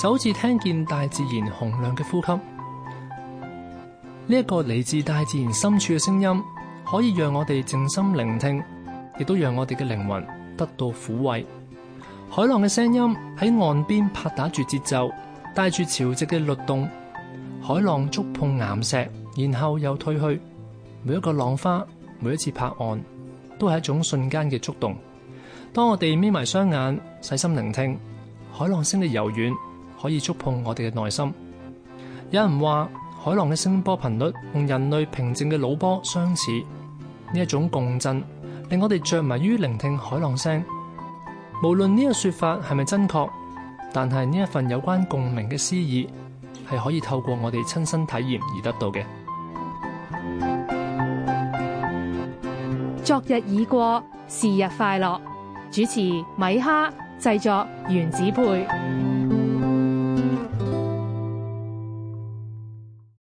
就好似聽見大自然洪亮嘅呼吸，呢一個嚟自大自然深處嘅聲音，可以讓我哋靜心聆聽，亦都讓我哋嘅靈魂得到撫慰。海浪嘅聲音喺岸邊拍打住節奏，帶住潮汐嘅律動。海浪觸碰岩石，然後又退去。每一個浪花，每一次拍岸，都係一種瞬間嘅觸動。當我哋眯埋雙眼，細心聆聽，海浪聲嘅柔軟。可以觸碰我哋嘅內心。有人話，海浪嘅聲波頻率同人類平靜嘅腦波相似，呢一種共振令我哋着迷於聆聽海浪聲。無論呢個說法係咪真確，但係呢一份有關共鳴嘅詩意係可以透過我哋親身體驗而得到嘅。昨日已過，是日快樂。主持米哈，製作原子配。